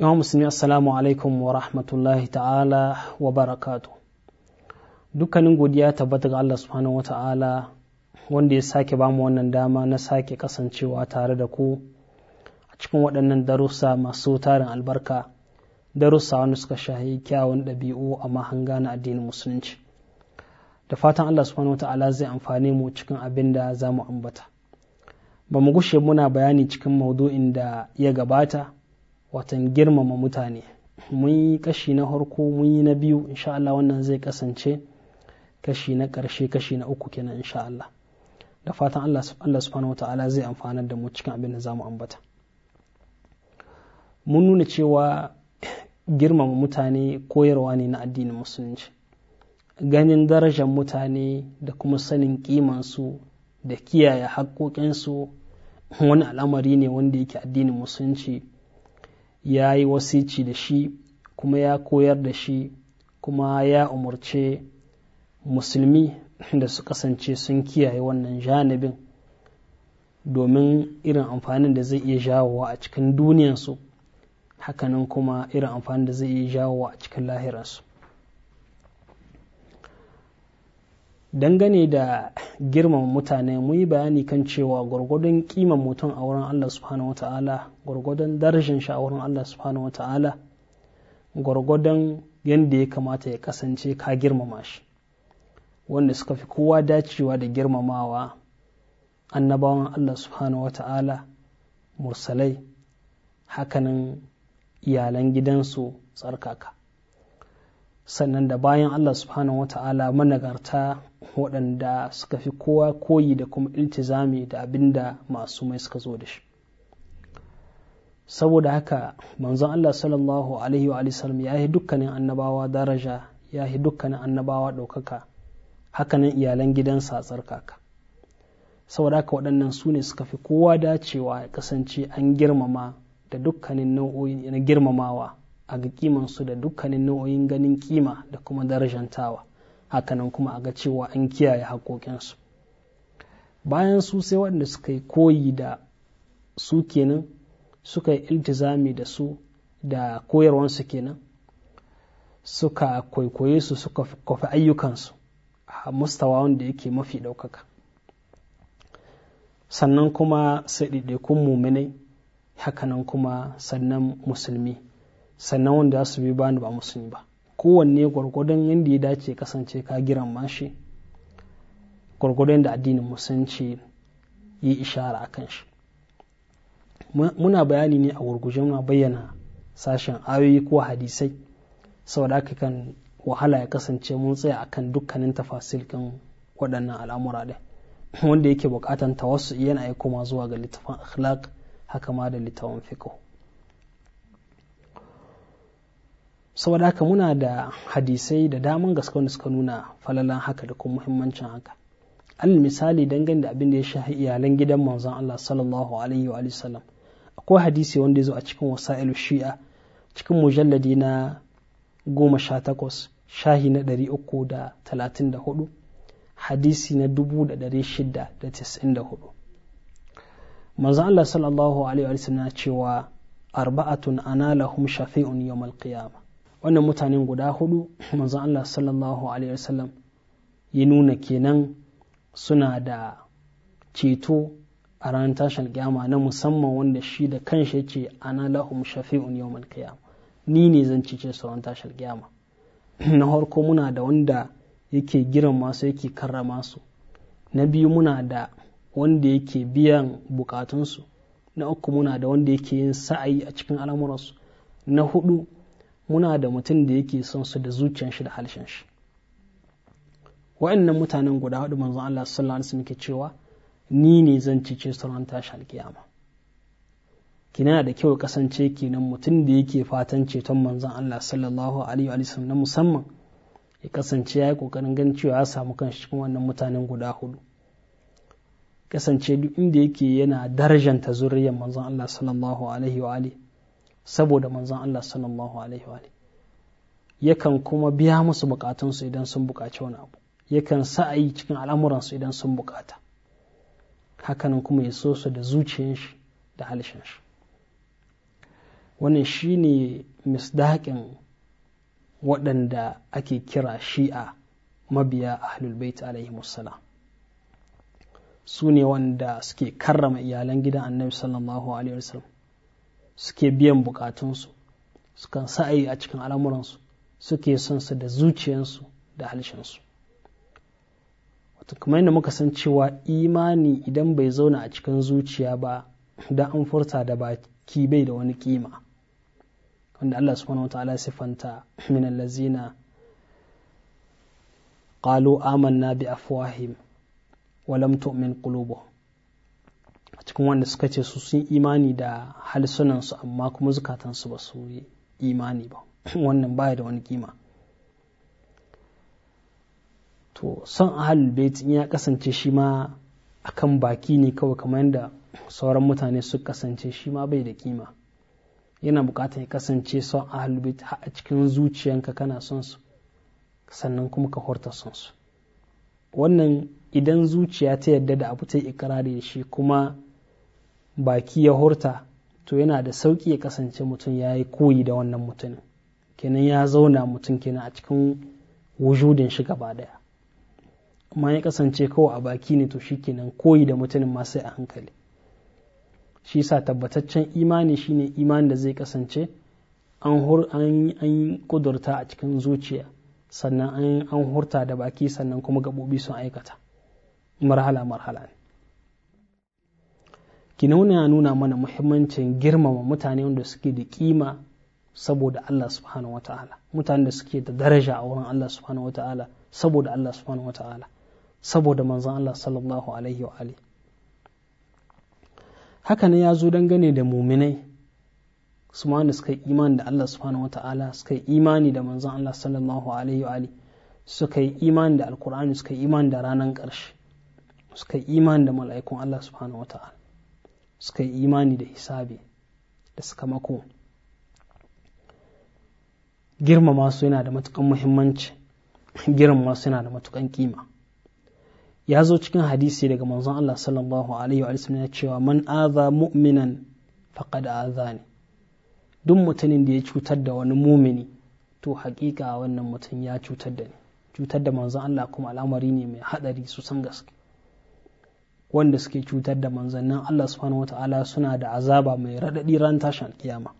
yawon musulmi assalamu alaikum wa rahmatullahi ta'ala wa barakatu dukkanin godiya tabbata ga Allah subhanahu wa ta'ala wanda ya sake bamu wannan dama na sake kasancewa tare da ku a cikin waɗannan darussa masu tarin albarka darussa wanda suka shahi kyawun ɗabi'u a mahanga na addinin musulunci da fatan Allah subhanahu wa ta'ala zai amfane mu cikin abin da za mu ambata ba mu gushe muna bayani cikin maudu'in da ya gabata watan girmama mutane mun yi kashi na harko mun yi na biyu insha Allah wannan zai kasance kashi na ƙarshe kashi na uku kenan insha Allah da fatan Allah subhanahu ta'ala zai amfana da mu cikin abin da za mu ambata mun nuna cewa girmama mutane koyarwa ne na addinin musulunci ganin darajar mutane da kuma sanin kimansu da kiyaye haƙoƙinsu wani al'amari ne wanda yake addinin musulunci ya yi wasici da shi kuma ya koyar da shi kuma ya umarce musulmi da su kasance sun kiyaye wannan janibin domin irin amfanin da zai iya jawowa a cikin duniyansu hakanan kuma irin amfanin da zai iya jawowa a cikin lahirarsu. dangane da girmama mutane mu yi bayani kan cewa gwargwadon kiman mutum a wurin Allah subhanahu wa ta'ala gwargwadon darajin shi a wurin Allah subhanahu wa ta'ala gwargwadon yadda ya kamata ya kasance ka girmama shi wanda suka fi kowa dacewa da girmamawa annabawan Allah subhanahu wa ta'ala mursalai hakanan iyalan gidansu tsarkaka sannan da bayan Allah subhanahu wa ta'ala managarta waɗanda suka fi kowa koyi da kuma iltizami da abin da masu mai suka zo da shi saboda haka manzon Allah sallallahu alaihi wa sallam ya yi dukkanin annabawa daraja ya yi dukkanin annabawa ɗaukaka hakanan iyalan gidansa tsarkaka saboda haka waɗannan su ne suka fi kowa dacewa ya kasance an girmama da dukkanin nau'o'i na girmamawa a ga kimansu da dukkanin nau'oyin ganin kima da kuma darajantawa hakanan kuma a ga cewa an kiyaye haƙoƙinsu bayan su sai waɗanda suka yi koyi da su kenan suka yi iltizami da su da koyarwansu kenan suka kwaikwaye su suka kwafi ayyukansu a mustawa wanda yake mafi ɗaukaka sannan kuma sai ɗaiɗaikun muminai hakanan kuma sannan musulmi sannan wanda za su bi ni ba musulmi ba kowanne gwargwadon yadda ya dace kasance ka giran shi gwargwadon da addinin musulunci yi ishara a kan shi muna bayani ne a gurguje muna bayyana sashen ayoyi ko hadisai saboda aka kan wahala ya kasance mun tsaya akan dukkanin tafasil kan waɗannan al'amura ɗin wanda yake bukatan tawassu yana aiko ma zuwa ga littafin akhlaq haka ma da littafin fiqh saboda haka muna da hadisai da daman gaske wanda suka nuna falalan haka da kuma muhimmancin haka al misali dangane da abin da ya shafi iyalan gidan manzon Allah sallallahu alaihi wa sallam akwai hadisi wanda ya zo a cikin wasa'ilu shi'a cikin mujalladi na goma sha takwas shahi na ɗari uku da talatin da hudu hadisi na dubu da ɗari shida da da hudu manzon Allah sallallahu alaihi wa sallam cewa arba'atun ana lahum shafi'un yawmal qiyamah wannan mutanen guda hudu manzon Allah sallallahu alaihi wasallam ya nuna kenan suna da ceto a ranar tashin kyama na musamman wanda shi da kanshi yake ana lahum shafi'un yawmal qiyam ni ne zan cece su ranar tashin kyama na harko muna da wanda yake giran masu yake karrama su na biyu muna da wanda yake biyan bukatunsu na uku muna da wanda yake yin sa'ayi a cikin al'amuransu na hudu muna da mutum da yake son su da zuciyan shi da halshen shi wa'annan mutanen guda hudu manzon Allah sallallahu alaihi wasallam ke cewa ni ne zan cice su ran tashi alkiyama kina da kyau kasance kenan mutum da yake fatan ceton manzon Allah sallallahu alaihi wasallam na musamman ya kasance ya yi kokarin ganin cewa ya samu kanshi cikin wannan mutanen guda hudu kasance duk inda yake yana darajanta zuriyar manzon Allah sallallahu alaihi wa alihi saboda manzan Allah sallallahu alaihi wa yakan kuma biya musu bukatunsu idan sun bukaci wani abu yakan sa yi cikin al'amuransu idan sun bukata hakanan kuma ya so su da zuciyar shi da halishin shi wannan shine misdaƙin waɗanda ake kira shi'a mabiya ahlul bait alaihi musalla su ne wanda suke karrama iyalan gidan annabi sallallahu alaihi wasallam suke biyan bukatunsu sukan sa'ayi a cikin al'amuransu suke son su da zuciyansu da halshensu wata kuma yadda muka san cewa imani idan bai zauna a cikin zuciya ba da an furta da baki bai da wani kima wanda Allah subhanahu wa ta'ala sifanta min allazina qalu amanna bi afwahim wa lam tu'min qulubuhum a cikin wanda suka ce su sun imani da halsunansu amma kuma zukatansu ba su yi imani ba wannan baya da wani kima to son a in ya kasance shi ma akan baki ne kawai kamar yadda sauran mutane su kasance shi ma bai da kima yana bukatar ya kasance son ahalul bait a cikin zuciyanka kana son su sannan kuma ka horta son su wannan idan zuciya ta yarda da abu ta yi ikirari da shi kuma baki ya hurta to yana da sauƙi ya kasance mutum ya yi koyi da wannan mutumin kenan ya zauna mutum kenan a cikin wujudin shi gaba daya amma ya kasance kawai a baki ne to shi kenan koyi da mutumin masu a hankali shi sa tabbataccen imani shine imani da zai kasance an ƙudurta kudurta a cikin zuciya sannan an hurta da baki sannan kuma gabobi sun aikata marhala marhala ne nuna ya nuna mana muhimmancin girmama mutane wanda suke da kima saboda Allah subhanahu wata'ala mutane da suke da daraja a wurin Allah subhanahu wata'ala saboda Allah subhanahu wata'ala saboda manzon Allah sallallahu alaihi wa ali haka ne ya zo dangane da muminai su ma da suka imani da Allah subhanahu wata'ala suka imani da manzon Allah sallallahu alaihi wa ali suka imani da alkur'ani suka imani da ranar karshe suka imani da mala'ikun Allah subhanahu wata'ala suka yi imani da hisabi da suka mako girmama su yana da matukan muhimmanci girmama su yana da matukan kima ya zo cikin hadisi daga manzon Allah sallallahu alaihi wa sallam cewa man aza mu'minan faqad azani duk mutumin da ya cutar da wani mumini to hakika wannan mutum ya cutar da ni cutar da manzon Allah kuma al'amari ne mai hadari su san gaske wanda suke cutar da manzannin Allah subhanahu suna da azaba mai raɗaɗi ran tashin kiyama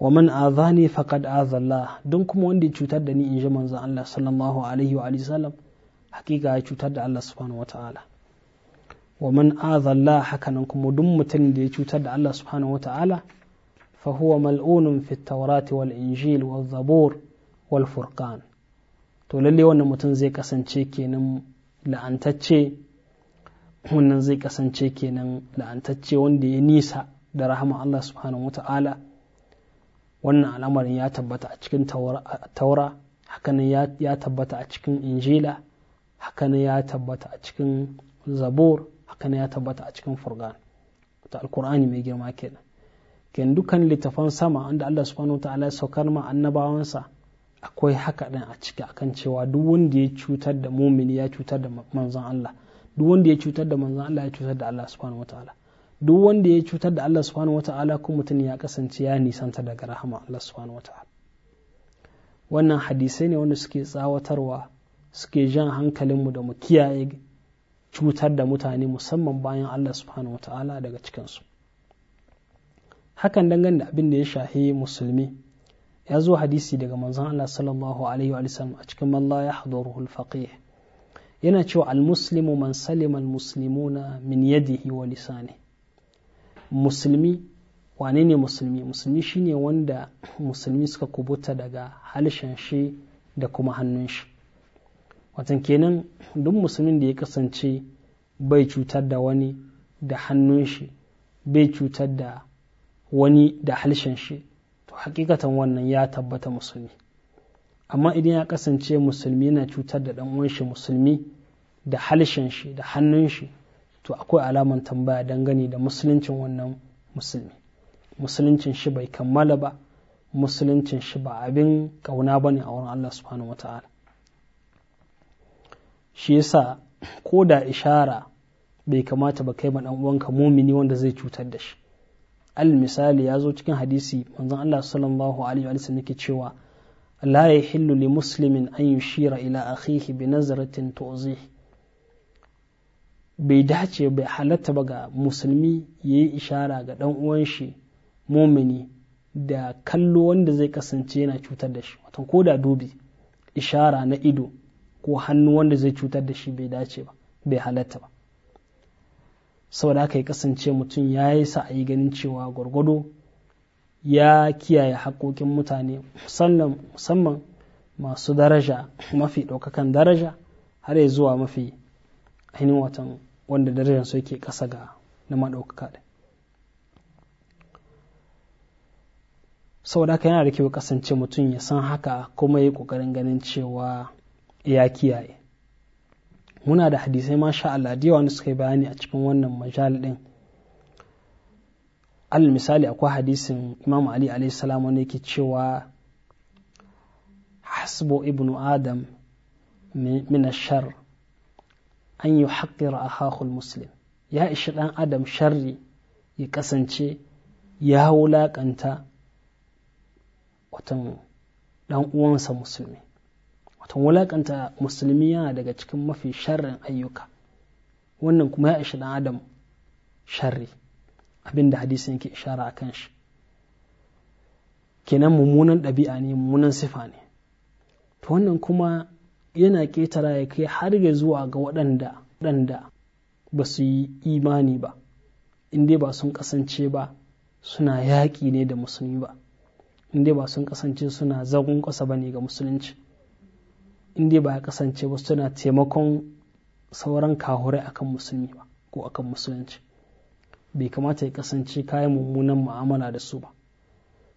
wa man azani faqad azalla don kuma wanda ya cutar da ni in ji Allah sallallahu alaihi wa sallam hakika ya cutar da Allah subhanahu wata'ala wa man azalla hakanan kuma duk mutum da ya cutar da Allah subhanahu wata'ala fa huwa mal'unun fi tawrati wal injil wal zabur wal furqan to lalle wannan mutum zai kasance kenan la'antacce wannan zai kasance kenan la'antacce wanda ya nisa da rahama Allah subhanahu wata'ala wannan al'amarin ya tabbata a cikin taura hakanan ya tabbata a cikin injila hakanan ya tabbata a cikin zabur hakanan ya tabbata a cikin furgan ta alkur'ani mai girma kenan ken dukan littafan sama inda Allah subhanahu wata'ala ya saukar ma annabawansa akwai haka ɗin a ciki akan cewa duk wanda ya cutar da mumini ya cutar da manzon Allah duk wanda ya cutar da manzon Allah ya cutar da Allah subhanahu wataala duk wanda ya cutar da Allah subhanahu wataala kuma mutum ya kasance ya nisanta daga rahama Allah subhanahu wataala wannan hadisai ne wanda suke tsawatarwa suke jan mu da mu kiyaye cutar da mutane musamman bayan Allah subhanahu wataala daga cikinsu hakan dangane da abin da ya shahi musulmi ya zo hadisi daga manzon Allah sallallahu alaihi wa sallam a cikin man la yahduruhu al-faqih yana cewa almuslimu man salima almuslimuna min yadihi wa lisani musulmi wane ne musulmi musulmi shine wanda musulmi suka kubuta daga halshen shi da kuma hannun shi watan kenan duk musulmin da ya kasance bai cutar da wani da hannun shi bai cutar da wani da halshen shi to hakikatan wannan ya tabbata musulmi amma idan ya kasance musulmi yana cutar da ɗan shi musulmi da halshen shi da hannun shi to akwai alaman tambaya dangane da musuluncin wannan musulmi musuluncin shi bai kammala ba musuluncin shi ba abin kauna ne a wurin Allah subhanahu wata'ala shi yasa ko da ishara bai kamata ba kai ma dan uwanka mumini wanda zai cutar da shi al misali ya zo cikin hadisi manzon Allah sallallahu alaihi wa sallam yake cewa la yahillu li muslimin an yushira ila akhihi bi nazaratin bai dace bai halatta ba ga musulmi yayi ishara ga ɗan uwan shi mumini da kallo wanda zai kasance yana cutar da shi ko da dubi ishara na ido ko hannu wanda zai cutar da shi bai dace ba bai halatta ba saboda haka ya kasance mutum ya yi sa a yi ganin cewa gwargwado ya kiyaye haƙoƙin mutane musamman masu daraja mafi ɗaukakan daraja har ya zuwa mafi ainihin watan wanda darajar su yake kasa ga na maɗaukaka ɗin saboda haka yana da kyau kasance mutum ya san haka kuma ya yi ƙoƙarin ganin cewa ya kiyaye muna da hadisai masha Allah da yawa suka yi bayani a cikin wannan majal ɗin al misali akwai hadisin imam ali alayhi salam wanda yake cewa hasbu ibnu adam min ashar an yi haƙƙira a haƙul muslim ya ishi ɗan adam sharri ya kasance ya wulaƙanta watan ɗan uwansa musulmi watan wulaƙanta musulmi yana daga cikin mafi sharrin ayyuka wannan kuma ya ishi ɗan adam sharri abin da hadisin yake ishara a kan shi kenan mummunan ɗabi'a ne mummunan sifa ne to wannan kuma yana ƙetara ya kai har ya zuwa ga waɗanda waɗanda ba su yi imani ba in dai ba sun kasance ba suna yaƙi ne da musulmi ba in dai ba sun kasance suna zagon ƙasa ba ne ga musulunci in dai ba ya kasance ba suna taimakon sauran kahurai akan musulmi ba ko akan musulunci bai kamata ya kasance kayan mummunan mu'amala da su ba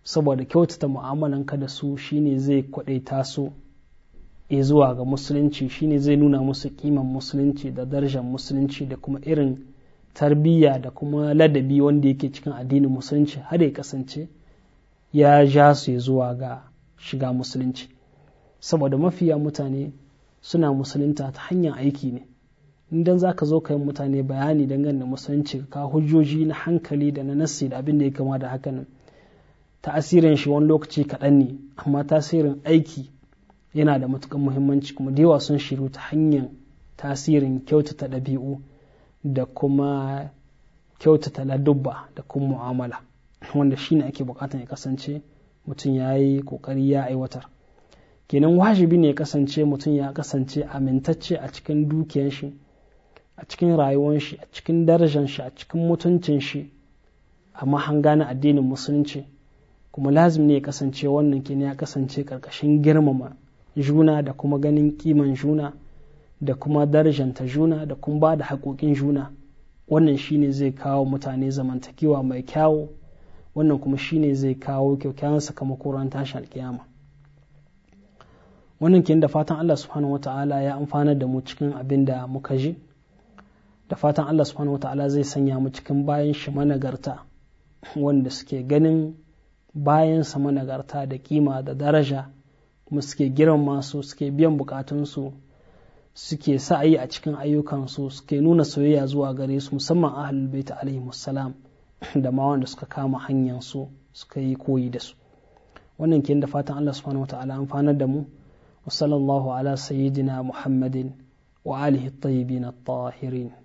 saboda kyautata mu'amalan ka da su shine zai kwadaita su e zuwa ga musulunci shine zai nuna musu kiman musulunci da darajar musulunci da kuma irin tarbiyya da kuma ladabi wanda yake cikin addinin musulunci har ya kasance ya ja su zuwa ga shiga musulunci saboda mafiya mutane suna musulunta ta hanyar aiki ne idan za ka zo ka yi mutane bayani dangane da musanci ka hujjoji na hankali da na nassi da abin da ya kama da hakan tasirin ta'asirin shi wani lokaci kaɗan ne amma tasirin aiki yana da matukan muhimmanci kuma da sun shiru ta hanyar tasirin kyautata ɗabi'u da kuma kyautata ladubba da kuma mu'amala wanda shine ake bukatar ya kasance mutum ya yi kokari ya aiwatar kenan wajibi ne ya kasance mutum ya kasance amintacce a cikin dukiyar shi a cikin rayuwar shi a cikin darajar shi a cikin mutuncin shi a mahanga na addinin musulunci kuma lazim ne ya kasance wannan kin ya kasance karkashin girmama juna da kuma ganin kiman juna da kuma ta juna da kuma ba da haƙoƙin juna wannan shine zai kawo mutane zamantakewa mai kyawu wannan kuma shine zai kawo kyakkyawan sakamakon ran tashin alkiyama wannan kin da fatan Allah subhanahu wata'ala ya amfana da mu cikin abin da muka ji da fatan Allah subhanahu ta'ala zai sanya mu cikin bayan shi managarta wanda suke ganin bayan sa managarta da kima da daraja kuma suke girma su suke biyan bukatunsu suke sa'ayi a cikin ayyukansu suke nuna soyayya zuwa gare su musamman ahlul bait alaihi musallam da ma wanda suka kama hanyar su suka yi koyi da su wannan kin da fatan Allah subhanahu wata'ala amfanar da mu wa sallallahu ala sayyidina muhammadin wa alihi at-tayyibin tahirin